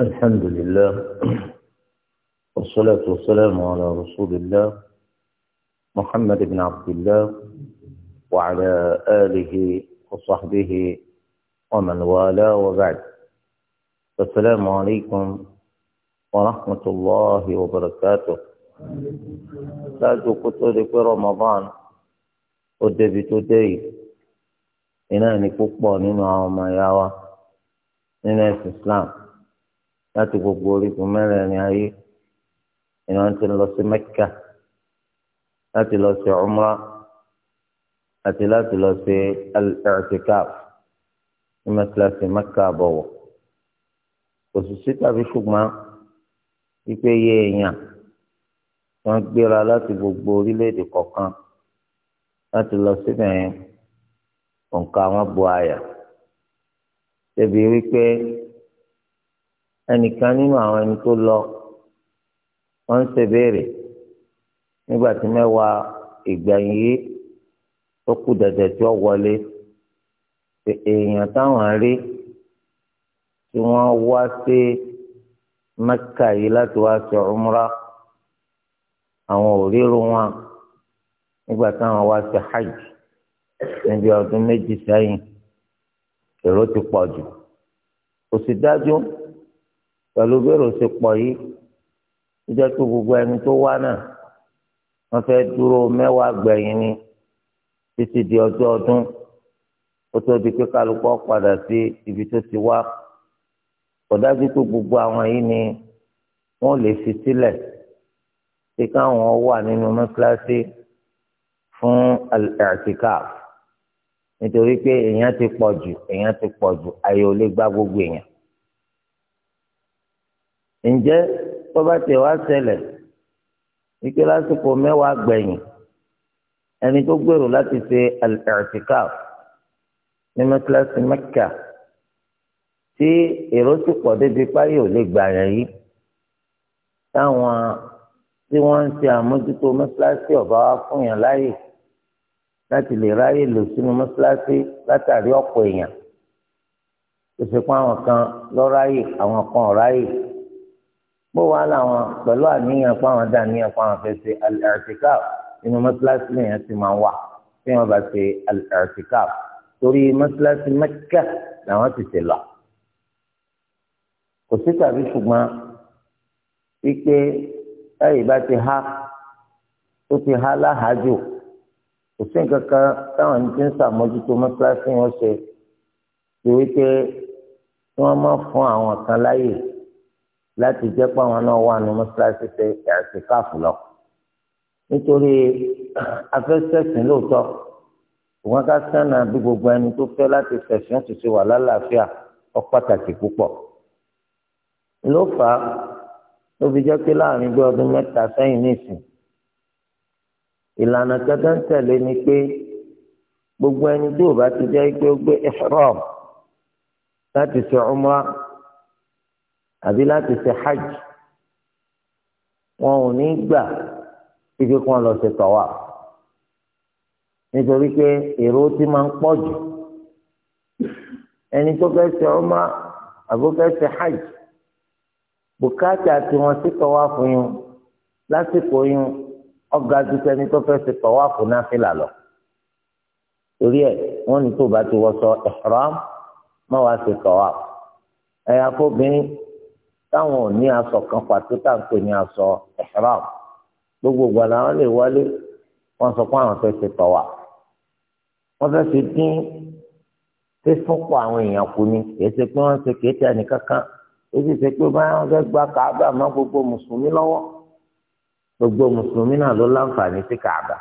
الحمد لله والصلاة والسلام على رسول الله محمد بن عبد الله وعلى آله وصحبه ومن والاه وبعد السلام عليكم ورحمة الله وبركاته لا تقتل في رمضان ودبي تدي إنني كوكبا نينو عوما ياوا نينو الإسلام láti gbogbo orígun mẹ́rẹ̀ẹ̀rin ayé ni wọ́n ti lọ sí mẹ́kà láti lọ sí umra àti láti lọ sí al-i'tikaf ní mẹ́tíláṣí mẹ́kà àbọ̀wọ̀ òṣìṣẹ́ tàbí ṣùgbọ́n wípé iye èèyàn wọ́n gbéra láti gbogbo orílẹ̀-èdè kọ̀ọ̀kan láti lọ síbẹ̀ òǹkà wọn bu àyà débi wípé ẹnìkan nínú àwọn ẹni tó lọ wọ́n ń ṣe béèrè nígbà tí mẹ́wàá ìgbẹ̀yìn yìí tó kù dẹ̀dẹ̀ tí ó wọlé èèyàn táwọn rí tí wọ́n wá sí mẹ́kà yìí láti wá sí ọmúra àwọn ò ríru wọn nígbà táwọn wá sí hajj níbi ọdún méjì sẹ́yìn èrò ti pọ̀ jù kò sì dájú pẹ̀lú bẹ́rù ṣe pọ̀ yìí ó jẹ́ pé gbogbo ẹni tó wá náà wọ́n fẹ́ dúró mẹ́wàá gbẹ̀yìn ni títí di ọjọ́ ọdún ó tó di pé kálukọ́ padà sí ibi tó ti wá kò dájú pé gbogbo àwọn yìí ni wọ́n lè fi sílẹ̀ pé káwọn wà nínú mọ́sálásí fún al-i'tikaf nítorí pé èèyàn ti pọ̀ jù èèyàn ti pọ̀ jù àyè ò lè gba gbogbo èèyàn ǹjẹ́ tó bá tẹ̀ wá ṣẹlẹ̀ ike lásìkò mẹ́wàá gbẹ̀yìn ẹni tó gbèrò láti ṣe al-i'tikaf ní mẹ́kílásì mẹ́kà tí èrò ti pọ̀ débi páyé ò lè gbà yẹn yìí táwọn tí wọ́n ń ṣe àmójútó mẹ́kílásì ọ̀bá wa fún yàn láàyè láti lè ráyè lò sínú mẹ́kílásì látàrí ọ̀pọ̀ èèyàn tó ṣe pé àwọn kan lọ́ọ́ àwọn kan ò bó wàá làwọn pẹ̀lú àníyàn fáwọn dàníyàn fáwọn fẹ́ ṣe al-i'tikaf inú mọ́sálásí lèèyàn ti máa wà tí wọ́n bá ṣe al-i'tikaf torí mọ́sálásí Mẹ́kà làwọn ti ṣe lọ. kò sí tàbí ṣùgbọ́n wípé ẹ̀yìn bá ti há ó ti há láhàájò kò sí nǹkan kan táwọn ẹni tí ń ṣàmójútó mọ́sálásí wọn ṣe ti wípé kí wọ́n má fún àwọn kan láyè láti jẹ́ pé àwọn náà wà ní mọ́ṣáláṣí ṣe ẹ̀ẹ́dẹ́káàfù lọ. nítorí afẹ́sẹ̀sìn lóòótọ́ ìwọ́n ká sánà bí gbogbo ẹni tó fẹ́ láti fẹ̀sìn òtútù wà lálàáfíà ó pàtàkì púpọ̀. ló fà á ló fi jẹ́ pé láàrin bí ọdún mẹ́ta sẹ́yìn nìsín ìlànà kẹta ń tẹ̀lé ni pé gbogbo ẹni tó bá ti jẹ́ pé ó gbé ihram láti ṣe umrah àbí láti ṣe hajj wọn ò ní gbà kíkẹ́ kí wọ́n lọ ṣe tọ́wà nítorí pé èrò ti máa ń pọ̀ jù ẹni tó fẹ́ ṣe umra àbó fẹ́ ṣe hajj bùkátà tí wọ́n ti tọ́wà fún yín lásìkò yín ọ̀gá ju sẹ́ni tó fẹ́ ṣe tọ́wà fún náfìlà lọ torí ẹ̀ wọ́n ní tó bá ti wọṣọ ihram má wàá ṣe tọ́wà ẹ̀yà fóbìnrin táwọn ò ní aṣọ kan pàtó tá à ń pè ní aṣọ ihram gbogbo ìgbà làwọn lè wọlé wọ́n sọ pé àwọn fẹ́ẹ́ ṣe tọwà wọ́n fẹ́ẹ́ ṣe dín fífúnpọ àwọn èèyàn kù ni kì í ṣe pé wọ́n ṣe kéèké ẹnìkankan èyí ṣe pé báyọ̀ wọ́n fẹ́ẹ́ gba kàábà mọ́ gbogbo mùsùlùmí lọ́wọ́ gbogbo mùsùlùmí náà ló láǹfààní sí kàábà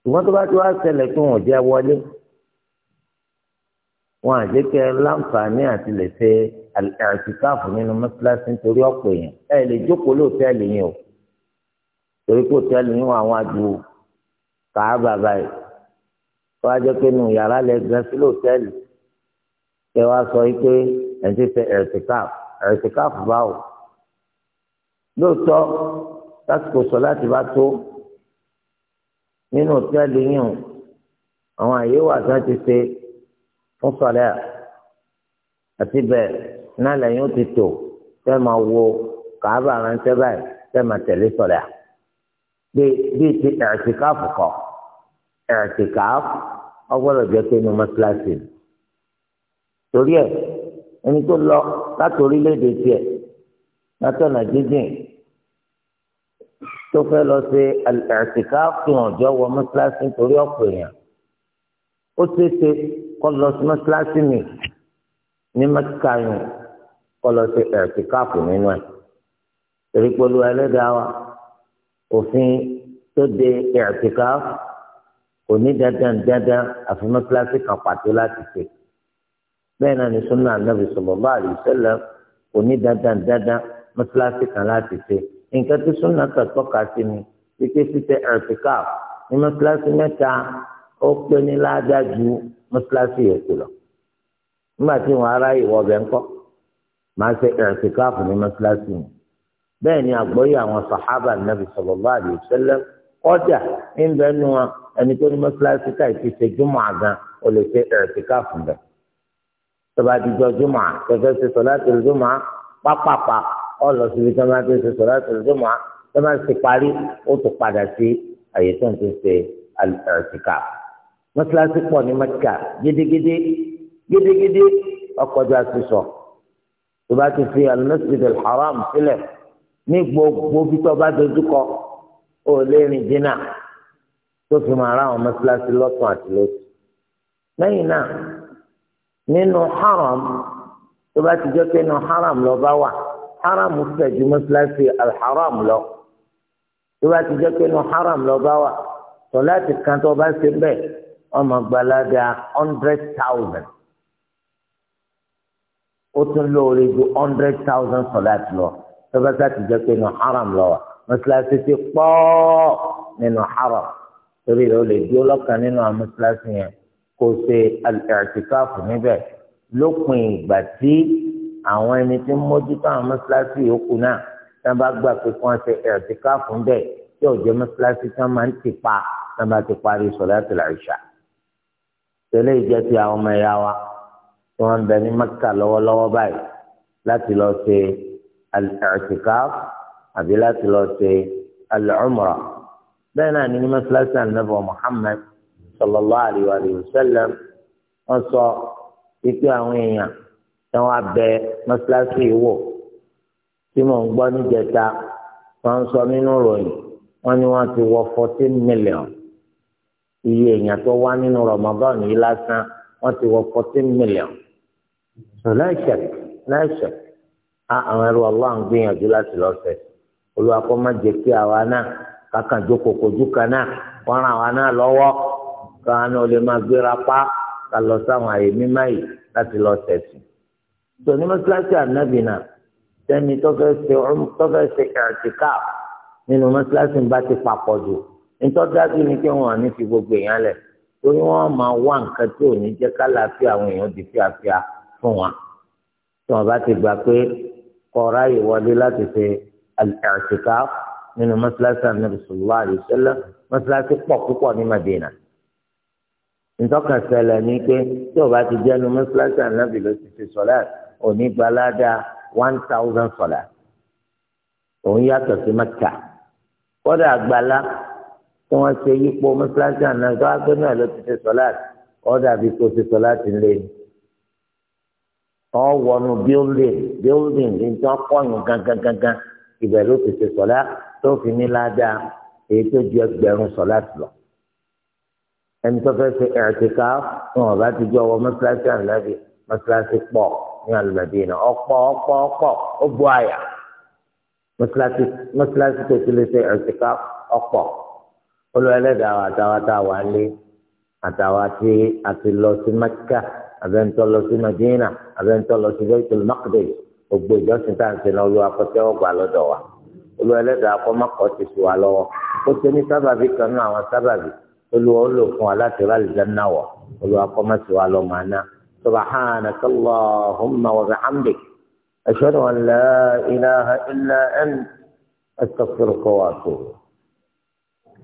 ṣùgbọ́n tó bá ti wá ṣẹlẹ̀ pé wọ́n jẹ́ wọlé wọn àjẹ́ kẹ́ ẹ láǹfààní àti lè ṣe àtìkáàfù nínú mọ́sálásí nítorí ọ̀pọ̀ èèyàn ẹ lè jókòó lóòtẹ́ẹ̀lì yẹn o torí pé òtẹ́ẹ̀lì yẹn wà wọn àjò kàábà báyìí wọ́n àjẹ́ pé nù yàrá lẹ gan sí lóòtẹ́ẹ̀lì kẹ́ wá sọ pé ẹ̀ ti ṣe àtìkáàfù àtìkáàfù báwò lóòótọ́ lásìkò sọ láti bá tó nínú òtẹ́ẹ̀lì yẹn o àwọn àyè wà tí ti ṣe fún sọlẹ àti bẹ́ẹ̀ náà lẹ́yìn ó ti tò fẹ́ máa wo kàábà ránṣẹ́ báyìí fẹ́ máa tẹ̀lé sọlẹ bí bí ti ẹ̀ẹ́tìkáàfù kọ ẹ̀ẹ́tìkáàfù ọgbọ́dọ̀ jẹ́ pé inú mọ́tíláṣí torí ẹ̀ ẹni tó lọ láti orílẹ̀-èdè tiẹ̀ látọ̀nà tó fẹ́ lọ ṣe ẹ̀ẹ́tìkáàfù tó hàn jọ wọ torí ọ̀pọ̀ èèyàn ó ṣeé ṣe kọ́ lọ sí mọ́sálásí mi ní mẹ́tíkà yìí kọ́ lọ sí ẹ̀ẹ́tì káàpù nínú ẹ̀ torí pẹ̀lú ẹlẹ́dàá wa òfin tó de ẹ̀ẹ́tì káàpù kò ní dandan dandan àfi mọ́sálásí kan pàtó láti ṣe bẹ́ẹ̀ náà ni súnà anábì sallallahu alaihi wasallam kò ní dandan dandan mọ́sálásí kan láti ṣe nǹkan tí súnà kan tọ́ka sí ni wípé ṣíṣe ẹ̀ẹ́tì káàpù ní mọ́sálásí mẹ́ta ó pé ní ládàá ju mọ́sálásí yòókù lọ nígbà tí wọn ará ìwọ ọbẹ̀ ńkọ́ máa ṣe ẹ̀rẹ̀sìkáàfù ní mọ́sálásí yìí bẹ́ẹ̀ ni àgbọ́yé àwọn sàhábà nàbì sallallahu alaihi wasallam kọ́jà ń bẹ nu wọn ẹni tó ní mọ́sálásí káyì ti ṣe júmọ̀ àgàn ó lè ṣe ẹ̀rẹ̀sìkáàfù bẹ̀ tọba àdìjọ júmọ̀ tọfẹ́ ṣe ti ṣe sọ̀láàtì mọ́sálásí pọ̀ ní mẹ́kà gédégédé gédégédé ọkọjá ti sọ tó bá ti fi al-Masjid al-Haram sílẹ̀ ní gbogbo bí tó bá dojúkọ ó lè rìn dínà tó fi máa ra àwọn mọ́sálásí lọ́tún àti lọ́tún lẹ́yìn náà nínú haram tó bá ti jẹ́ pé nínú haram lọ bá wà haram fẹ̀ ju mọ́sálásí al lọ tó bá ti jẹ́ pé nínú haram lọ bá wà sọ láti kan tó bá ṣe bẹ́ẹ̀ ọmọ gbalaga hundred thousand ó tún lóore ju hundred thousand sọláàtì lọ tọ́bátà ti jẹ́ pé nù haram lọ́wọ́ mọ́sálásí ti pọ̀ nínú haram torí rẹ̀ ó lè dúró lọ́kàn nínú àwọn mọ́sálásí yẹn kó ṣe àtìkáàfù níbẹ̀ lópin ìgbà tí àwọn ẹni tí ń mójútó àwọn mọ́sálásí yòókù náà tí bá gbà pé kí wọ́n ṣe àtìkáàfù níbẹ̀ tí ò jẹ́ mọ́sálásí máa ń tì pa tí bá ti parí sọ̀láàtì láìṣà tẹ́lẹ̀ ìjẹ́ ti àwọn ọmọ ẹ̀yà wa tí wọ́n ń bẹ ní mẹ́kà lọ́wọ́lọ́wọ́ báyìí láti lọ ṣe al-i'tikaf àbí láti lọ ṣe al-umrah bẹ́ẹ̀ náà ní mọ́ṣáláṣí ànábọ̀ Muhammad sallallahu alayhi wa sallam wọ́n sọ wípé àwọn èèyàn tí wọ́n abẹ mọ́ṣáláṣí wò tí mò ń gbọ́ níjẹta wọ́n sọ nínú ìròyìn wọ́n ní wọ́n ti wọ fourteen million iye èèyàn tó wá nínú Ramadan yìí lásán wọ́n ti wọ fourteen million so láìsẹ̀ láìsẹ̀ a àwọn ẹrú ọlọ́run gbìyànjú láti lọ́sẹ̀ olúwa kó má jẹ́ kí àwa náà kàkà jókòó kojú kan náà wọ́n ràn àwa náà lọ́wọ́ káwọn náà lè máa gbéra pa ká lọ sáwọn àyè mímá yìí láti lọ sẹ̀sìn. tòní mọ́sálásí ànábì náà sẹ́ni tó fẹ́ ṣe ẹ̀ẹ́tìkáà nínú mọ́sálásí ń bá ti papọ̀ jù ntọ́jáde ni pé wọn àní fi gbogbo èèyàn lẹ̀ torí wọn máa wá nǹkan tí ò ní jẹ́ kálàáfíà àwọn èèyàn di fíafíà fún wa tí wọn bá ti gbà pé kọ́ra ìwọlé láti ṣe àṣìká nínú mọ́ṣáláṣí ànábì sallallahu alaihi wasallam mọ́ṣáláṣí pọ̀ púpọ̀ ní Madina ntọ́ka ṣẹlẹ̀ ni pé tí o bá ti jẹ́ nu mọ́ṣáláṣí ànábì ti ṣe sọ̀lá òní gbalada one thousand sọ̀lá òun yàtọ̀ sí Mẹ́kà kọ́dà àgbàlá tí wọ́n ṣe yípo mọ́sálásí àná tó wá gbé náà ló ti ṣe sọ́láàtì ọ̀dà bí kò ṣe sọ́láàtì ńlẹ̀ ni. ọ̀ wọnú building building ní tí wọ́n kọ́yìn gangan gangan ibẹ̀ ló ti ṣe sọ́lá tó fi ní ládàá èyí tó ju ẹgbẹ̀rún sọ́láàtì lọ. ẹni tó fẹ́ ṣe ẹ̀ẹ́dẹ́ká wọn ò bá ti jọ wọ mọ́sálásí àná mọ́sálásí pọ̀ ní alùmọ̀dínà ọ̀pọ̀ ọ̀pọ̀ ọ̀pọ̀ olùwà ẹlẹ́dàá àwọn àtàwọn tá a wà lé àtàwọn tí a ti lọ sí mẹ́kà abẹ́ńtọ́ lọ sí madina abẹ́ńtọ́ lọ sí bẹ́ẹ̀tì mọ́kàdé gbogbo ìjọsìn tá à ń sin náà olùwà kọ́tẹ́ ọgbà lọ́dọ̀ wa olùwà ẹlẹ́dàá kọ́ mọ́kọ́ ti sùn wa lọ́wọ́ ó ti ní sábàbí kan náà àwọn sábàbí olùwà ó lò fún wa láti rà lìjẹ́ náà wọ̀ olùwà kọ́ mọ́ sí wa lọ́ màá ná subhanaka allahumma wa bihamdik ashhadu an la ilaha illa anta astaghfiruka wa atubu